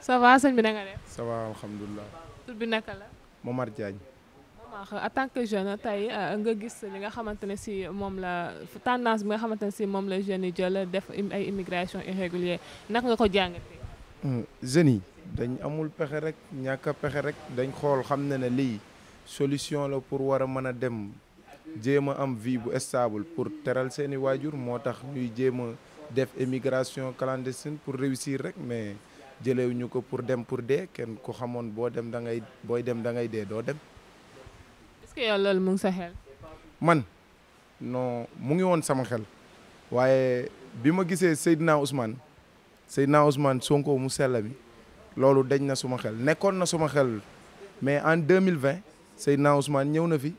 ça va bi na nga def. ça bi naka la. Momar Diagne. Momar en tant que jeune tey euh, nga gis li nga xamante ne si moom la tendance bi nga xamante ne si moom la jeunes yi jël def ay immigration irrégulière naka nga ko jàng hmm, jeunes yi dañ amul pexe rek ñàkk pexe rek dañ xool xam ne ne lii solution la pour war a mën a dem jéem a am vie bu stable pour teral seeni waajur moo tax ñuy jéem a def émigration clandestine pour réussir rek mais. jëlewu ñu ko pour dem pour dee kenn ku xamoon boo dem dangay booy dem da ngay dee doo dem. est-ce loolu mu ngi sa xel. man non mu ngi woon sama xel waaye bi ma gisee Seydina Ousmane Seydina Ousmane Sonko mu sell bi loolu deñ na suma xel nekkoon na suma xel mais en deux mille vingt Seydina Ousmane ñëw na fi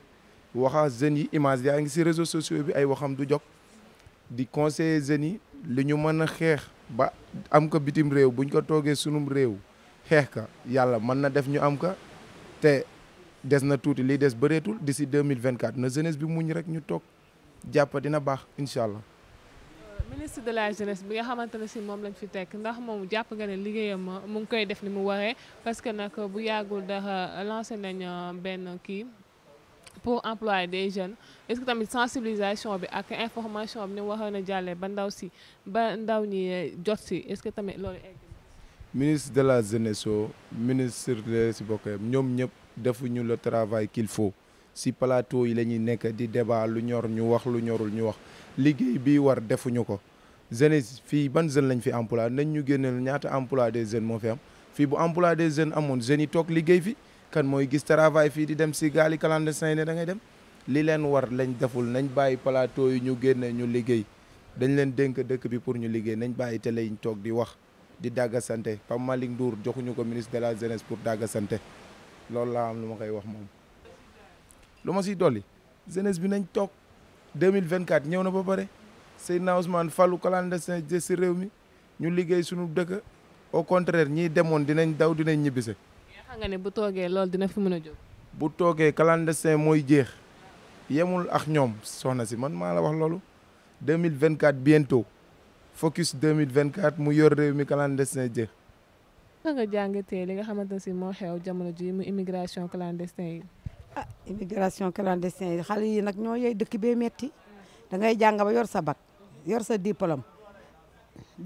waxa jeunes yi image yaa ngi si réseau sociaux bi ay waxam du jog di conseiller jeunes yi li ñu mën a xeex. ba am ko bitim réew bu ñu ko toogee sunum réew xeex ka yàlla mën na def ñu am ka te des na tuuti lii des bëreetul d'ici deux mille vingt quatre na jeunesse bi muñ rek ñu toog jàpp dina baax incha allah. ministre de la jeunesse bi nga xamante ne si moom lañ fi tekk ndax moom jàpp nga ne liggéeyam mu ngi koy def ni mu waree parce que nag bu yàggul dax lancé nañ euh, benn kii. pour employer des jeunes est-ce que tamit sensibilisation bi ak information bi ni waxoon a jàllee ba ndaw si ba ndaw ñi eh, jot si est-ce que tamit loolu egg ministre de la jeunesse o ministre de si bokk ñoom ñëpp defuñu le travail qu'il faut si plateau yi la ñuy nekk di débat lu ñor ñu wax lu ñorul ñu wax liggéey bi war defuñu ko jeunesse fii ban jeune lañ fi emploi nañ ñu génneel ñaata emploi des jeunes moo fi am fii bu emploi des jeunes amoon jeunes yi toog liggéey fi kan mooy gis travail fii di dem si gaali clandestin ne da ngay dem li leen war lañ deful nañ bàyyi plateau yi ñu génne ñu liggéey dañ leen dénk dëkk bi pour ñu liggéey nañ bàyyi télé yi ñu toog di wax di dàgga sante Pape Malick Ndour joxuñu ko ministre de la jeunesse pour dàgga sante loolu laa am lu ma koy wax moom lu ma si dolli jeunesse bi nañ toog 2024 ñëw na ba pare Seydina Ousmane Fallou clandestin jë si réew mi ñu liggéey suñu dëkk au contraire ñiy demoon dinañ daw dinañ ñibbise xam nga ne bu toogee loolu dina fi mën a jóg. bu toogee clandestin mooy jeex yemul ak ñoom soxna si man maa la wax loolu 2024 bientôt focus 2024 mu yor réew mi clandestin jeex. nga nga jàngatee li nga xamante ne si moo xew jamono ji mu immigration clandestin yi. ah immigration clandestin yi xale yi nag ñoo yey dëkk bee metti da ngay jàng ba yor sa bat yor sa diplôme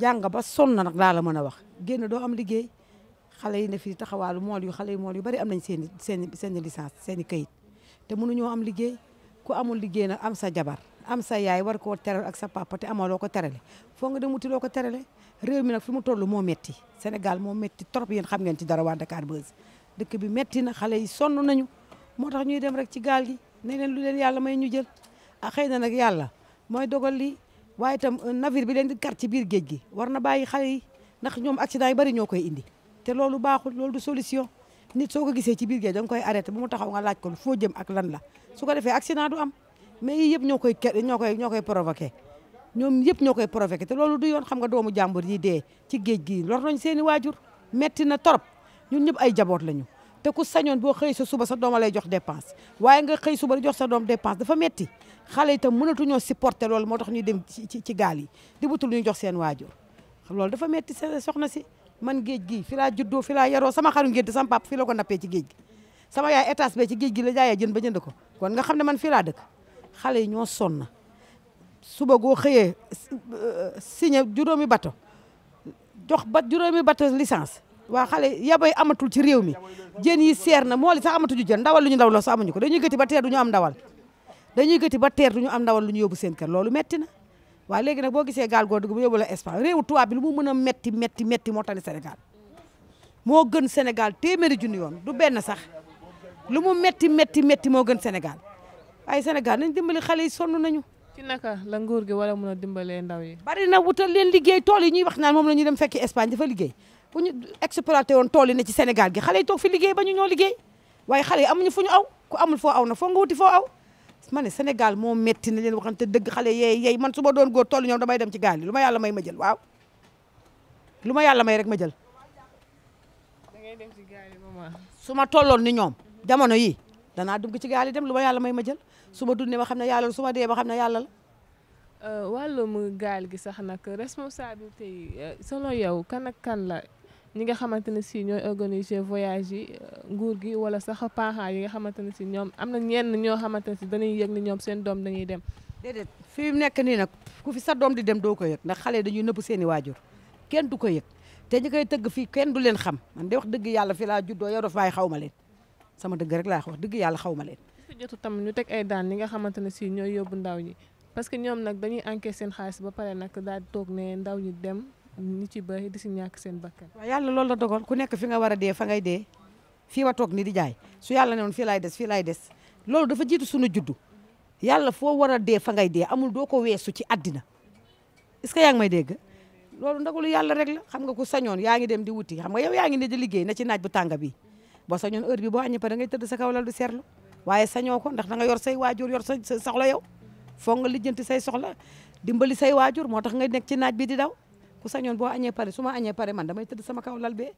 jàng ba sonn nag laa la mën a wax génn doo am liggéey. xale yi ne fii taxawaalu mool yu xale yi mool yu bari am nañ seen seen seen licence seen i kayit te mënuñoo am liggéey ku amul liggéey na am sa jabar am sa yaay war koo teral ak sa papa te amoo loo ko terale foo nga dem uti loo ko terale réew mi nag fi mu toll moo metti Sénégal moo metti trop yéen xam ngeen ci dara waa Dakar Buzz dëkk bi metti na xale yi sonn nañu moo tax ñuy dem rek ci gaal gi ne leen lu leen yàlla may ñu jël a ah, xëy na nag yàlla mooy dogal lii waaye itam euh, navire bi leen di kar ci biir géej gi war na bàyyi xale yi ndax ñoom accident yi bari ñoo koy indi te loolu baaxul loolu du solution nit soo ko gisee ci biir géej da koy arrêté bu mu taxaw nga laaj ko lu foo jëm ak lan la su ko defee accident du am mais yii yëpp ñoo koy ñoo koy ñoo koy provoqué ñoom yëpp ñoo koy provoqué te loolu du yoon xam nga doomu jàmbur yi dee ci géej gi lor nañ seen waajur metti na torop ñun ñëpp ay jaboot lañu te ku sañoon boo xëy sa suba sa doom a lay jox dépense waaye nga xëy suba jox sa doom dépense dafa metti xale itam mënatuñoo supporter loolu moo tax ñuy dem ci ci gaal yi di butul jox seen waajur loolu dafa metti soxna si man géej gi filaa laa juddoo fi laa yaroo sama xaru ngénte sama pap fii la ko nappee ci géej gi yaay étage be ci géej gi la jaayee jën ba jënd ko kon nga xam ne man fii laa dëkk xale yi ñoo sonn suba goo xëyee signé juróomi bato jox ba juróomi bato licence waa xale yabay amatul ci réew mi jën yi seer na mool yi sax amatuñu jën ndawal lu ñu ndaw loo sax amuñu ko dañuy gëti ba teer du ñu am ndawal dañuy gëti ba teer du ñu am ndawal lu ñu yóbbu seen kër loolu metti na waa léegi nag boo gisee gaal goo dugg bu yóbbu la Espagne réewu tubaab bi lu mu mën a metti metti metti moo tane senegal moo gën senegal téeméeri junni yoon du benn sax lu mu metti metti metti moo gën Sénégal waaye Sénégal nañ dimbali xale yi sonn ñu ci naka la nguur gi war a mën a dimbalee ndaw yi. bari na wutal leen liggéey tool yi ñuy wax naan moom la ñuy dem fekki Espagne fa liggéey bu ñu woon tool yi ne ci Sénégal gi xale yi toog fi liggéey ba ñu ñoo liggéey waaye xale yi amuñu fu ñu aw ku amul foo aw na foo nga aw ma ne Sénégal moo metti na leen waxante dëgg xale yeey yeey man su ma doon góor toll ñoom damay dem ci gaal yi lu ma may ma jël waaw lu ma yàlla may rek ma jël. su ma tolloon ni ñoom jamono yi danaa dugg ci gaal dem lu ma yàlla may ma jël su ma dundee ba xam ne yàlla su ma dee ba xam ne yàlla la. Euh, wàllum gi sax nag responsabilité yi euh, selon yow kan ak kan la. ñi nga xamante ne si ñooy organiser voyage yi euh, nguur gi wala sax parents yi nga xamante ne si ñoom am na ñenn ñoo xamante ne si dañuy yëg ni ñoom seen doom dañuy dem. déedéet fii mu nekk nii nag ku fi sa doom di dem doo ko yëg ndax xale dañuy nëbb seen i waajur kenn du ko yëg te ñi koy tëgg fii kenn du leen xam man de dëgg yàlla fi laa juddoo yow daf xaw ma leen sama dëgg laa wax dëgg yàlla xaw ma leen. su tam ñu teg ay daan ñi nga xamante ne si ñooy yóbbu ndaw ñi parce que ñoom nag dañuy encaisser seen xaalis ba pare nag daal di toog ne ndaw ñi dem ñu ci bari di si ñàkk seen bakkan waaw yàlla loolu la dogal ku nekk fi nga war a dee fa dee fii ma toog ni di jaay su yàlla ne woon fii laay des fii laay des loolu dafa jiitu sunu juddu yàlla foo war a dee fa ngay dee amul doo ko weesu ci àddina est-ce que yaa ngi may dégg loolu ndagalu yàlla rek la xam nga ku sañoon yaa ngi dem di wuti xam nga yow yaa ngi ne di liggéey na ci naaj bu tànga bi boo sañoon heure bi boo añi pa da sa kaw lal du seetlu waaye sañoo ko ndax da yor say waajur yor sa soxla yow foog nga lijjanti say soxla dimbali say waajur moo tax nga nekk ci naaj bi di daw ku sañoon boo añee pare su ma añee pare man damay tëdd sama kaw lal bee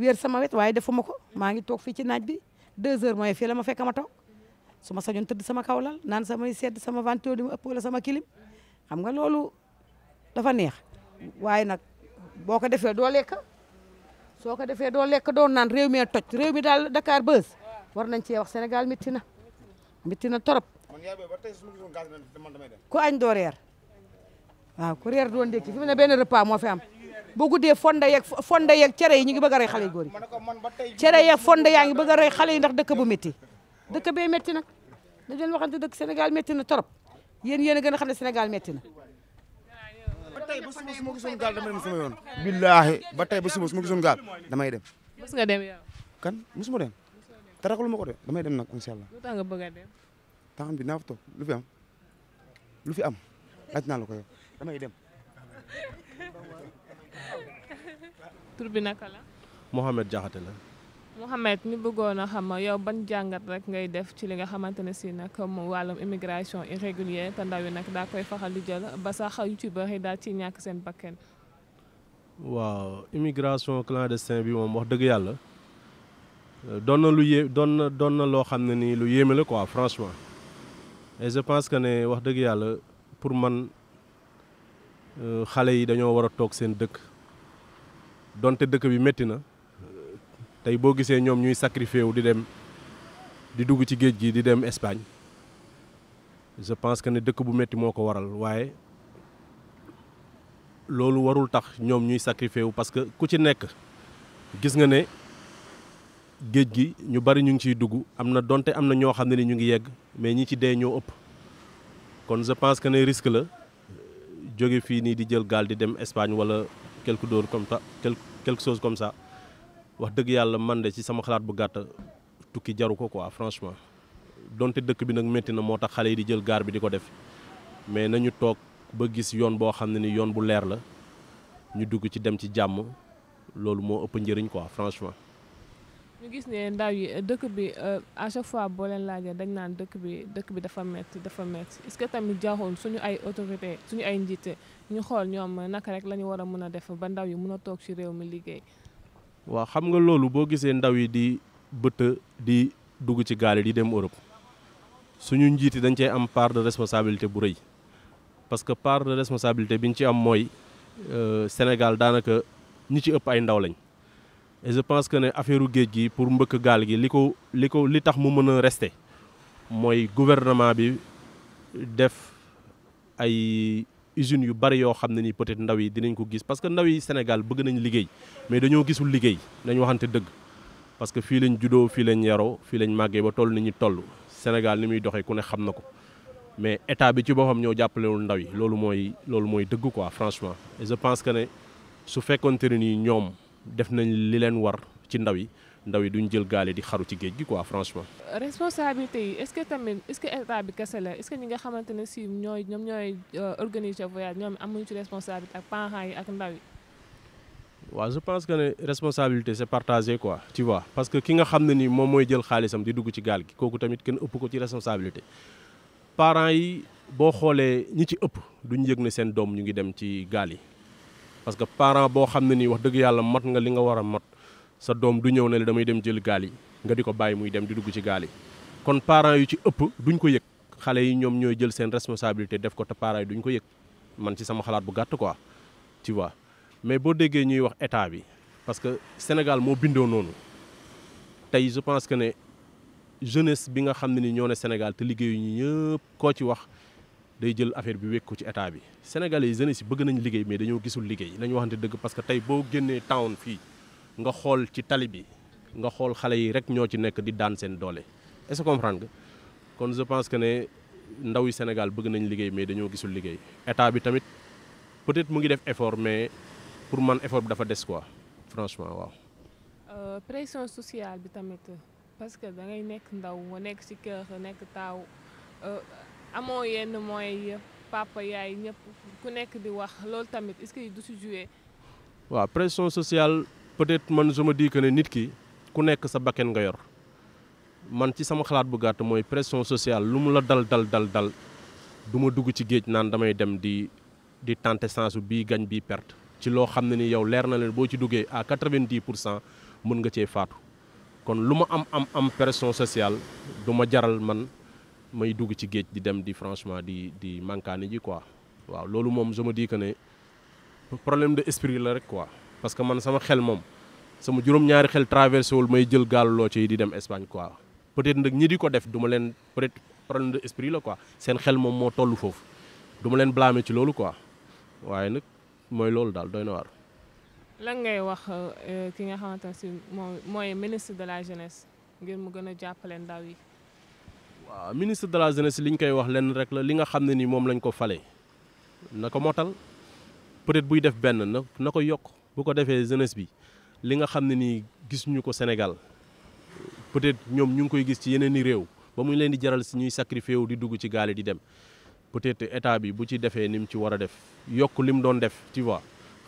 wéer sama wet waaye defuma ko maa ngi toog fii ci naaj bi deux heures mooy fii la ma fekk ma toog su ma sañoon tëdd sama kaw lal naan samay sedd sama ventilo di ma ëpp wala sama kilim xam nga loolu dafa neex waaye nag boo ko defee doo lekk soo ko defee doo lekk doo naan réew mi toj rew mi daal dakaar bës war nañ cee wax Sénégal métti na métti na torop ko añ doo reer waaw ku reer doon ndékki fi mu ne moo fi am bu dee fonde yeeg fonde cere yi ñu ngi bëgg a rey xale yu góor yi cere yeeg fonde yaa ngi bëgg a rey yi ndax dëkk bu métti dëkk bee métti nag dañ leen waxante dëkk senegal métti na trop yéen yéen a gën a xam ne Sénégal métti na ba tey ba suba su ma gisoon gaal damay dem sama tey ba suba su ma gisoon gaal damay dem mës nga dem yow kan mosuma dem te ragalu ma ko de damay dem nag incha allah lu nga bëgg a dem temps bi naa fa lu fi am lu fi am laaj naa la ko damay dem. tur bi naka la. Mohamed Diakhaté la. Mohamed ñu bëggoon a xam yow ban jàngat rek ngay def ci li nga xamante ne si nag mu wàllum immigration irrégulière te ndaw yi nag daa koy faxal di jël ba sax yu ci bëri daal ci ñàkk seen bakken waaw immigration clandestin bi moom wax dëgg yàlla doon na lu yé doon na doon na loo xam ne nii lu yéeme la quoi franchement et je pense que ne wax dëgg yàlla pour man. Euh, xale yi dañoo war a toog seen dëkk donte dëkk bi métti na tey boo gisee ñoom ñuy sacrifié wu di dem di dugg ci géej gi di dem Espagne je pense que ne dëkk bu métti moo ko waral waaye loolu warul tax ñoom ñuy sacrifié wu parce que ku ci nekk gis nga ne géej gi ñu bari ñu ngi ciy dugg am na donte am na ñoo xam ne ni ñu ngi yegg mais ñi ci dee ñoo ëpp kon je pense que ne risque la. jóge fii nii di jël gaal di dem Espagne wala quelque chose comme ça quelque chose comme ça wax dëgg yàlla man de ci sama xalaat bu gàtt tukki jaru ko quoi franchement donte dëkk bi nag métti na moo tax xale yi di jël gaar bi di ko def mais nañu toog ba gis yoon boo xam ne ni yoon bu leer la ñu dugg ci dem ci jàmm loolu moo ëpp njëriñ quoi franchement ñu gis ne ndaw yi eh, dëkk bi eh, à chaque fois boo leen laajee dañ naan dëkk bi dëkk bi dafa metti dafa metti est-ce que tamit jaaxoon suñu ay autorité suñu ay njiite ñu xool ñoom naka rek la ñu war a mën a def ba ndaw yi mën a toog ci réew mi liggéey. waaw xam nga loolu boo gisee ndaw yi di bëtt di dugg ci gaal yi di dem Europe suñu njiiti dañ cee am part de responsabilité bu rëy parce que part de responsabilité biñ ci am mooy eh, Sénégal daanaka ñi ci ëpp ay ndaw lañ. et je pense que ne affaire géej gi pour mbëkk gaal gi li ko li ko li tax mu mën a rester mooy gouvernement bi def ay usines yu bari yoo xam ne ni peut-être ndaw yi dinañ ko gis parce que ndaw yi Sénégal bëgg nañ liggéey mais dañoo gisul liggéey nañ waxante dëgg parce que fii lañ juddoo fii lañ yaroo fii lañ màggee ba toll ni ñu toll Sénégal ni muy doxee ku ne xam na ko mais état bi ci boppam ñoo jàppalewul ndaw yi loolu mooy loolu mooy dëgg ko franchement et je pense que ne su fekkonte ne nii ñoom. def nañ li leen war ci ndaw yi ndaw yi duñ jël gaale di xaru ci géej gi quoi franchement. responsabilité yi est-ce que tamit est-ce que état bi kese la est ñi nga xamante ne si ñooy ñoom ñooy euh, organiser voyage am nañu ci responsabilité ak parents yi ak ndaw yi. waaw je pense que ne responsabilité c'est partagé quoi tu vois parce que ki nga xam ne ni moom mooy jël xaalisam di dugg ci gaal gi kooku tamit kenn ëpp ko ci responsabilité parent yi boo xoolee ñi ci ëpp duñ yëg seen doom ñu ngi dem ci gaal yi. parce que parent boo xam ne ni wax dëgg yàlla mat nga li nga war a mat sa doom du ñëw ne la damay dem jël gaal yi nga di ko bàyyi muy dem di dugg ci gaal yi kon parent yu ci ëpp duñ ko yëg xale yi ñoom ñooy jël seen responsabilité def ko te parents yi duñ ko yëg man ci sama xalaat bu gàtt quoi tu vois mais boo déggee ñuy wax état bi parce que Sénégal moo bindoo noonu tey je pense que ne jeunesse bi nga xam ne ni ñoo ne Sénégal te liggéeyu ñu ñëpp koo ci wax day jël affaire bi wékk ko ci état bi sénégalais yi jeunesse si bëgg nañ liggéey mais dañoo gisul liggéey nañu waxante dëgg parce que tey boo génnee town fii nga xool ci tali bi nga xool xale yi rek ñoo ci nekk di daan seen doole est-ce que comprendre kon je pense que ne ndaw yi Sénégal bëgg nañ liggéey mais dañoo gisul liggéey état bi tamit peut-être mu ngi def effort mais pour man effort bi dafa des quoi franchement waaw. Euh, pression sociale bi tamit parce que da ngay nekk ndaw nekk ci amoo yenn mooy papa yaay ñëpp ku nekk di wax loolu tamit est-ce que du si joué. waaw pression sociale peut-être man je me dis que ne nit ki ku nekk sa bakken nga yor man ci sama xalaat bu gàtt mooy pression sociale lu mu la dal dal dal dal du ma dugg ci géej naan damay dem di di tenter chance bii gañ bii perte. ci loo xam ne ni yow leer na leen boo ci duggee à quatre vingt pour cent mën nga cee faatu kon lu ma am am am pression sociale du ma jaral man. may dugg ci géej di dem di franchement di di mankaani ji quoi waaw loolu moom je me dis que ne problème de esprit la rek quoi parce que man sama xel moom sama juróom-ñaari xel traversé wul may jël gaal loo ci di dem Espagne quoi peut-être nag ñi di ko def du leen peut-être problème de esprit la quoi seen xel moom moo toll foofu duma leen blâmer ci loolu quoi waaye nag mooy loolu daal doy na waar. lan ngay wax euh, ki nga xamante ne si mooy ministre de la a jàppale ndaw yi. waaw ministre de la jeunesse li ñu koy wax lenn rek la li nga xam ne ni moom lañ ko fale na ko motal peut-être buy def benn na na ko yokk bu ko defee jeunesse bi li nga xam ne nii gis ñu ko Sénégal peut-être ñoom ñu ngi koy gis ci yeneen i réew ba mu leen di jaral si ñuy sacrifié wu di dugg ci gaale di dem peut-être état bi bu ci defee ni mu ci war a def yokk li mu doon def tu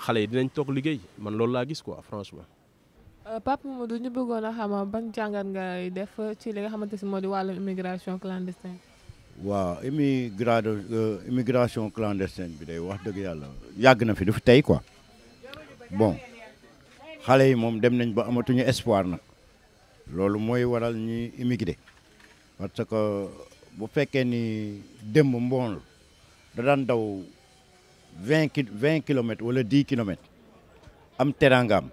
xale yi dinañ toog liggéey man loolu laa gis quoi franchement. Euh, Pape Mamadou ñu bëggoon a xamaa ban jàngat nga def ci li nga xamante si moo di wàllum immigration clandestine. waaw immigra euh, immigration clandestine bi day wax dëgg yàlla yàgg na fi du fi tey quoi bon xale yi moom dem nañ ba amatuñu espoir nag loolu mooy waral ñi immigré parce que bu fekkee ni démb mboon da daan daw vingt ki vingt kilomètres wala dix kilomètres am teraangaam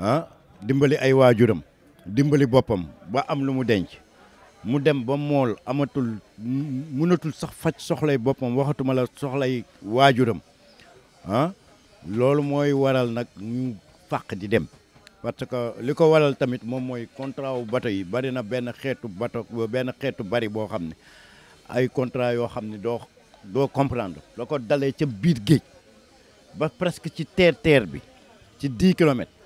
Ah, dimbali ay waajuram dimbali boppam ba am lu mu denc mu dem ba mool amatul mënatul sax faj soxlay boppam waxatuma la soxlay waajuram ah loolu mooy waral nag ñu fàq di dem parce que li ko waral tamit moom mooy contrat wu bato yi bari na benn xeetu bato benn xeetu bari boo xam ne ay contrat yoo xam ne doo doo comprendre la ko dalee ca biir géej ba presque ci teer teer bi ci dix kilomètres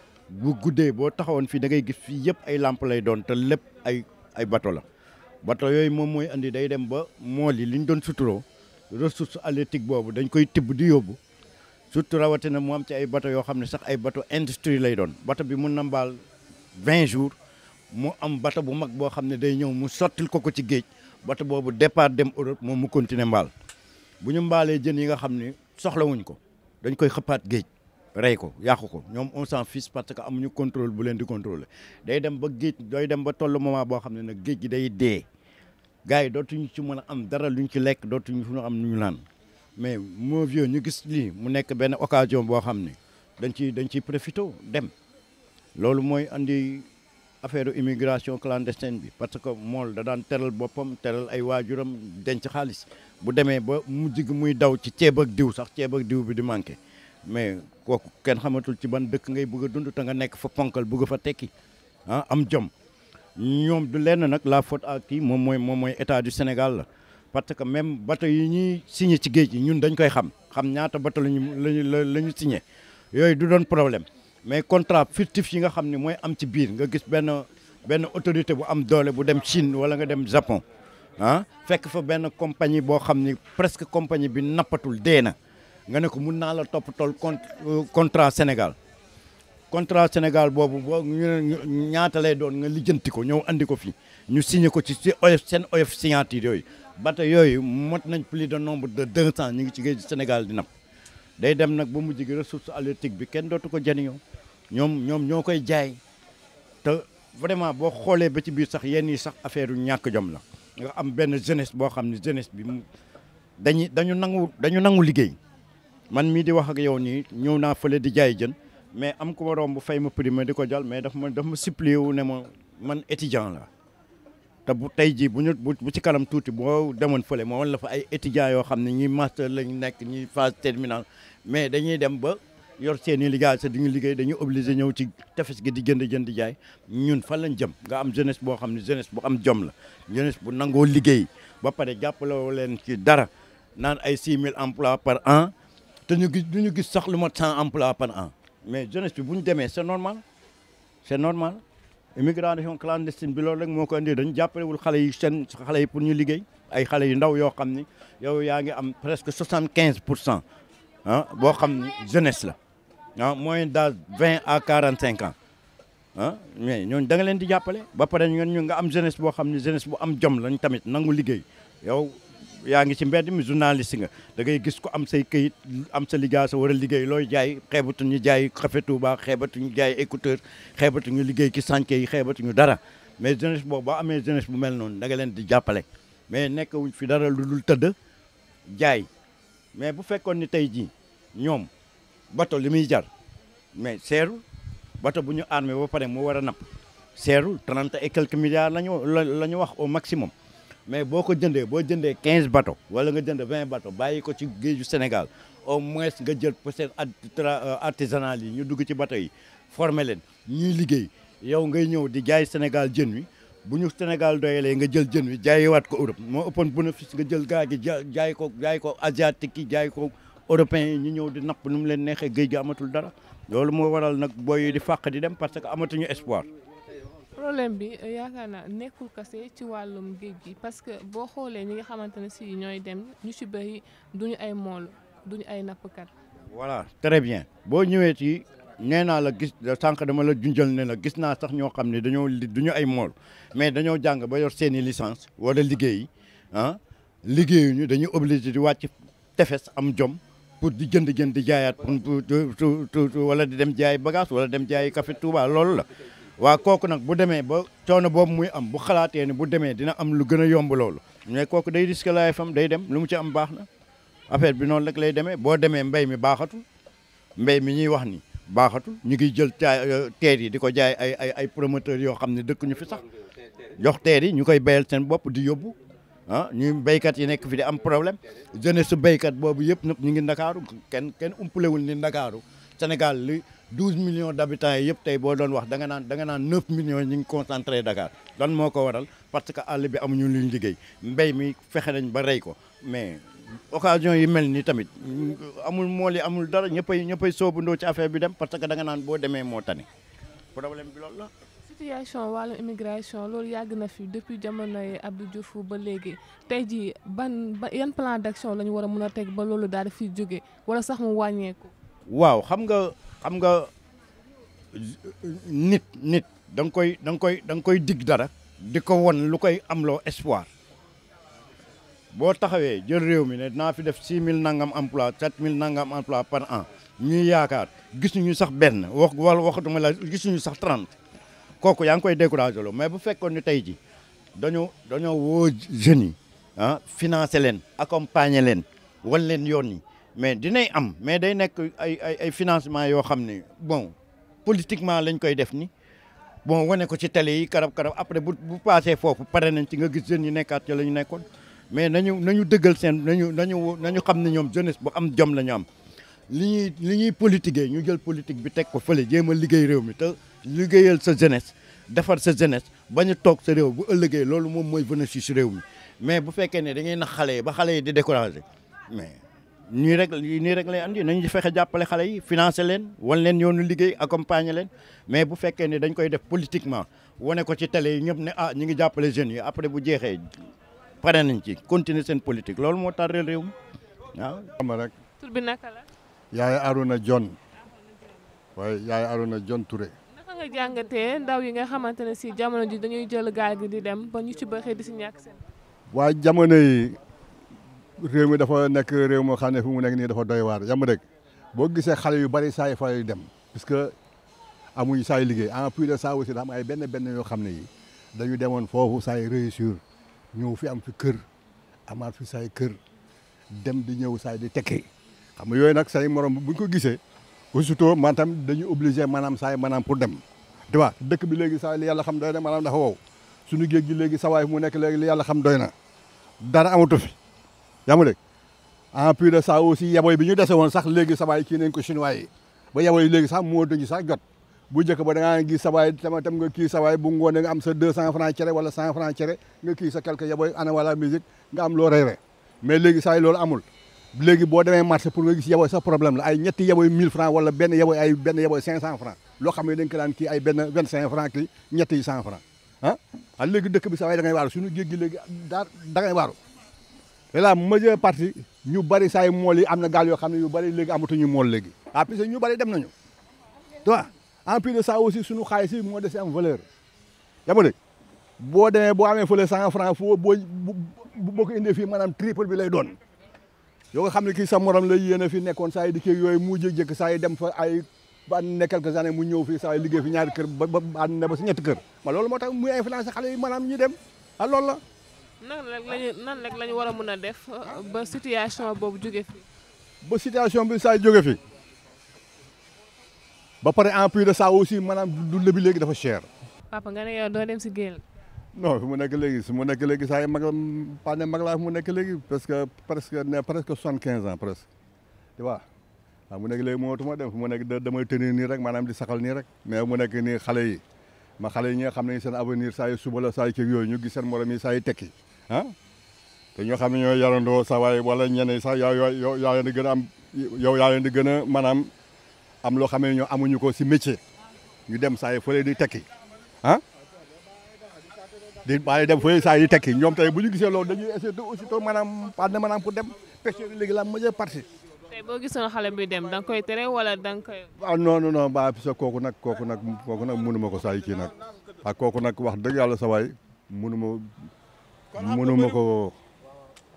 bu guddee boo taxawoon fii da ngay gis fii yëpp ay làmp lay doon te lépp ay ay bato la bato yooyu moom mooy indi day dem ba mool yi li ñu doon suturoo ressource halieutique boobu dañ koy tibb di yóbbu surtout rawatina mu am ci ay bato yoo xam ne sax ay bato industrie lay doon bato bi mun na mbaal vingt jours mu am bato bu mag boo xam ne day ñëw mu sottil ko ko ci géej bato boobu départ dem Europe moom mu continuer mbaal bu ñu mbaalee jën yi nga xam ne soxlawuñ ko dañ koy xëppaat géej rey ko yàqu ko ñoom on s'en fiche parce que amuñu contrôle bu leen di contrôler day dem ba géej day dem ba tollu moment boo xam ne na géej gi day dee gars yi dootuñu ci mën a am dara luñ ci lekk dootuñu fu ñu am ñu naan mais mon vieux ñu gis lii mu nekk benn occasion boo xam ne dañ ciy dañ ciy profité dem loolu mooy andi affaire immigration clandestine bi parce que mool da daan teral boppam teral ay waajuram denc xaalis bu demee ba mujj gi muy daw ci ceeb ak diw sax ceeb ak diw bi di manqué. mais kooku kenn xamatul ci ban dëkk ngay bugg a dund te nga nekk fa ponkal bugg fa tekki ah am jom ñoom du lenn nag la faute à kii moom mooy moom mooy état du Sénégal la parce que même bateau yi ñuy signé ci géej gi ñun dañ koy xam xam ñaata bateau lañu lañu la ñu signé yooyu du doon problème mais contrat fictif yi nga xam ni mooy am ci biir nga gis benn benn autorité bu am doole bu dem Chine wala nga dem Japon ah fekk fa benn compagnie boo xam ni presque compagnie bi nappatul dee na nga ne ko mun naa la topp toppatool contrat Sénégal contrat Sénégal boobu boo ñaata lay doon nga lijjanti ko ñëw andi ko fii ñu signé ko ci ci oyof seen oyof signature yooyu bateau yooyu mot nañ plus de nombre de deux cent ñu ngi ci géej Sénégal di napp day dem nag ba mu gi ressource halieutique bi kenn dootu ko jëriñoo ñoom ñoom ñoo koy jaay te vraiment boo xoolee ba ci biir sax yenn yi sax affaire yu ñàkk jom la nga am benn jeunesse boo xam ne jeunesse bi dañu dañu nangu dañu nangu liggéey man mii di wax ak yow nii ñëw naa fële di jaay jën mais am ku ma bu fay ma prix ma di ko jol mais dafa ma daf ma wu ne moo man étudiant la te bu tey jii bu ñu bu ci kanam tuuti boo demoon fële moo wan fa ay étudiants yoo xam ne ñi master lañ nekk ñi phase terminale mais dañuy dem ba yor seen i liggéey sa di ñu liggéey dañuy obligé ñëw ci tefes gi di jën di jaay ñun fan lañ jëm nga am jeunesse boo xam ne jeunesse bu am jom la jeunesse bu nangoo liggéey ba pare jàppaloo leen ci dara naan ay 6000 emplois par an te ñu gis du ñu gis sax lu mat cent emplois par an mais jeunesse bi bu ñu demee c'est normal c'est normal immigration clandestine bi loolu rek moo ko indi dañu jàppalewul xale yi seen xale yi pour ñu liggéey ay xale yu ndaw yoo xam ni yow yaa ngi am presque soixante quinze pour cent ah boo xam ni jeunesse la ah moyenne d'âge vingt à quarante cinq ans ah mais ñooñu da nga leen di jàppale ba pare ñun ñu nga am jeunesse boo xam ne jeunesse bu am jom lañ tamit nangu liggéey yow yaa ngi ci mbedd mi journaliste nga da ngay gis ko am say këyit am sa ligaasa war a liggéey looy jaay xeebatuñu jaay café Touba xeebatuñu jaay écouteur xeebatuñu liggéey ci chantier yi xeebatuñu dara mais jeunesse boobu amee jeunesse bu mel noonu da leen di jàppale mais nekk wuñ fi dara lu dul tëdd jaay mais bu fekkoon ni tey jii ñoom bato li muy jar mais seerul bato bu ñu armé ba pare mu war a napp seerul trente et quelques milliards la ñu la ñu wax au maximum mais boo ko jëndee boo jëndee quinze bato wala nga jënd vingt bato bàyyi ko ci géeju Sénégal au moins nga jël peut-être euh, artisanal yi ñu dugg ci bateaux yi forme leen ñuy liggéey yow ngay ñëw di jaay Sénégal jën wi bu ñu Sénégal doyalee nga jël jën wi jaayewaat ko Europe moo ëppoon bénéfice nga jël gaa gi jaay ko jaay ko asiatique yi jaay ko européens ñu ñëw di napp nu mu leen neexee géej gi amatul dara loolu moo waral nag booy di fàq di dem parce que amatuñu espoir problème bi euh, yaakaar naa nekkul kase ci wàllum géej gi parce que boo xoolee ñi nga xamante ne si ñooy dem ñu ci du ñu ay mool duñu ay nappkat. voilà très bien boo ñëwee ci nee naa la gis sànq dama la junjal ne la gis naa sax ñoo xam ne dañoo duñu ay mool mais dañoo jàng ba yor seeni licence wala liggéey ah liggéeyuñu dañu obligé di wàcc tefes am jom. pour di jënd jënd di jaayaat pour wala di dem jaay bagage wala dem jaay café loolu la waa kooku nag bu demee ba coono boobu muy am bu xalaatee ne bu demee dina am lu gën a yomb loolu ñooy kooku day risque laay fam day dem lu mu ci am baax na affaire bi noonu rek lay demee boo demee mbéy mi baaxatul mbéy mi ñuy wax ni baaxatul ñu ngi jël euh, teer yi di ko jaay ay ay ay promoteurs yoo xam ne dëkk fi sax jox teer yi ñu koy béyal seen bopp di yóbbu ah ñuy béykat yi nekk fi di am problème jeunesse su béykat boobu yëpp ñëpp ñu ngi ndakaaru kenn kenn umpalewul ni ndakaaru Sénégal li douze million d'habitants yi yëpp tey boo doon wax danga nga naan da nga naan neuf millions ñu ngi concentré Dakar lan moo ko waral parce que àll bi am amuñu luñ liggéey mbéy mi fexe nañ ba rey ko mais occasion yi mel nii tamit amul mool yi amul dara ñëppay ñëppay soobandoo ci affaire bi dem parce que danga naan boo demee moo tane problème bi loolu la. situation wàllu loolu yàgg na fi depuis jamonoy Abdou Diouf ba léegi tey jii ban ba yan plan d'action la ñu war a mën a teg ba loolu daal di fi wala sax mu wàññeeku. waaw xam nga. xam nga nit nit da nga koy da nga koy da nga koy dig dara di ko won lu koy amloo espoir boo taxawee jël réew mi ne naa fi def six mille nangam emploi sept mille nangam emploi par an ñuy yaakaar ñu sax benn wax wala waxatuma la gisuñu sax trente kooku yaa ngi koy découragé loo mais bu fekkoon ni tey ji dañoo dañoo woo jeunes yi ah financer leen accompagner leen wan leen yoon yi mais dinay am mais day nekk ay ay ay financement yoo xam ne bon politiquement lañ koy def ni bon wane ko ci tele yi karab karab après bu bu paasee foofu pare nañ ci nga gis jeunes yi nekkaat ci la ñu nekkoon mais nañu nañu dëggal seen nañu nañu nañu xam ne ñoom jeunesse bu am jom la ñu am li ñuy li ñuy politiquer ñu jël politique bi teg ko fële jéem a liggéey réew mi te liggéeyal sa jeunesse defar sa jeunesse bañu toog sa réew bu ëllëgee loolu moom mooy si réew mi mais bu fekkee ne da ngay yi ba xale yi di décourager mais nii rek nii rek lay andi nañu fexe jàppale xale yi financer leen wan leen yoonu liggéey accompagner leen mais bu fekkee ne dañ koy def politiquement wane ko ci tele yi ñëpp ne ah ñu ngi jàppale jeunes yi après bu jeexee pare nañ ci continuer seen politique loolu moo tardé réew mi waaw. xam nga rek. tur bi naka la. yaay Arona John. waaye yaay Arona John Touré. naka nga ndaw yi nga xamante ne si jamono ji dañuy jël gaal gi di dem ba ñu ci ba di si ñàkk seen. waa jamono yi. réew mi dafa nekk réew moo xam ne fu mu nekk nii dafa doy waar yam rek boo gisee xale yu bari saay yu fay dem puisque amuñu saa yu liggéey en plus de ça aussi da am ay benn benn yoo xam ne yi dañu demoon foofu saay yu réussir ñëw fi am fi kër amaat fi saay kër dem di ñëw saay di tekki xam nga yooyu nag say morom buñ ko gisee aussitôt man tam dañu obligé maanaam saay maanaam pour dem tu vois dëkk bi léegi saay li yàlla xam doy na maanaam dafa wow suñu géej gi léegi sawaay mu nekk léegi li yàlla xam doy na dara amatu fi yaa ma dégg en plus de ça aussi yaboy bi ñu dese woon sax léegi sabaay kii nañ ko chinois yi ba yaboy léegi sax moo dañu bu njëkk ba da ngaa gis sabaay tam tam nga kii sabaay bu ngoone nga am sa deux cent franc cere wala cent franc cere nga kii sa quelque yaboy ana wala musique nga am loo rey mais léegi saa yi loolu amul léegi boo demee marché pour nga gis yaboy sax problème la ay ñetti yaboy mille franc wala benn yaboy ay benn yaboy cinq cent franc loo xam ne dañ ko daan kii ay benn vingt cinq franc kii ñetti cent franc ah? ah léegi dëkk bi sawaay da ngay waaru gi léegi daa da ngay waaru la majeure parti ñu bari saa yu mool yi am na gaal yoo xam ne yu bari léegi amatuñu mool léegi ah puisque ñu bari dem nañu tu vois en plus de ça suñu xaalis yi moo des am valeur yaa ma dégg boo demee boo amee fële cent franc foo boo boo ko indee fii maanaam triple bi lay doon yoo nga xam ne kii sa morom la yéen a fi nekkoon saa yu dikkee yooyu mu jékki-jékki saa yu dem fa ay ba ne quelques années mu ñëw fii saa yu liggéey fi ñaari kër ba ba ne ba si ñetti kër ma loolu moo tax muy influence xale yi maanaam ñu dem ah la nan rek lañu nan rek lañu war a mën a def uh, ba situation boobu jóge fi. ba situation bi saa jóge fi ba pare en plus de ça aussi maanaam dund bi léegi dafa cher. papa nga ne doo dem si géej non fi mu nekk léegi su mu nekk saa yi mag paa ne mag laa fi mu nekk léegi parce que presque ne presque soixante quinze ans presque tu vois waaw mu nekk léegi mu nekk damay tenir nii rek maanaam di saxal nii rek mais mu nekk nii xale yi ma xale yi ñi nga xam ne seen avenir saa yu suba la yooyu ñu gis seen morom yi saa yu ah te ñoo xam ne ñooy yarandoo sa waaye wala ñeneen sax yow yow yaa leen a am yow yaa leen di gën maanaam am loo xam ñoo amuñu ko si métier ñu dem saa yi di tekki ah di bàyyi dem fële saa yi di tekki ñoom tey bu ñu gisee loolu dañuy essayer aussitôt maanaam pàdde maanaam pour dem pêcheur yi léegi la majeure partie. tey boo gisoon xale bi dem da nga koy tere wala da nga koy. waaw ah, non non kooku nag kooku nag kooku nag mënu ko saa kii nag ak kooku sa waay mënu ma mënu ma ko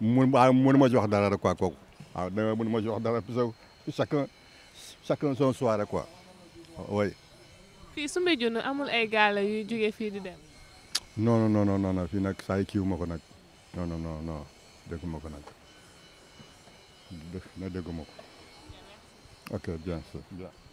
mënu ma ci wax dara rek quoi kooku waaw dama mënu ma ci wax dara chacun chacun son soirée quoi oui. fii Soumbédioune amul ay gaal yuy jógee fii di dem. non non non non fii nag saa yi kiiwu ma ko nag non non non non déggu ma ko nag dégg na déggu ma ko ok bien sûr bien.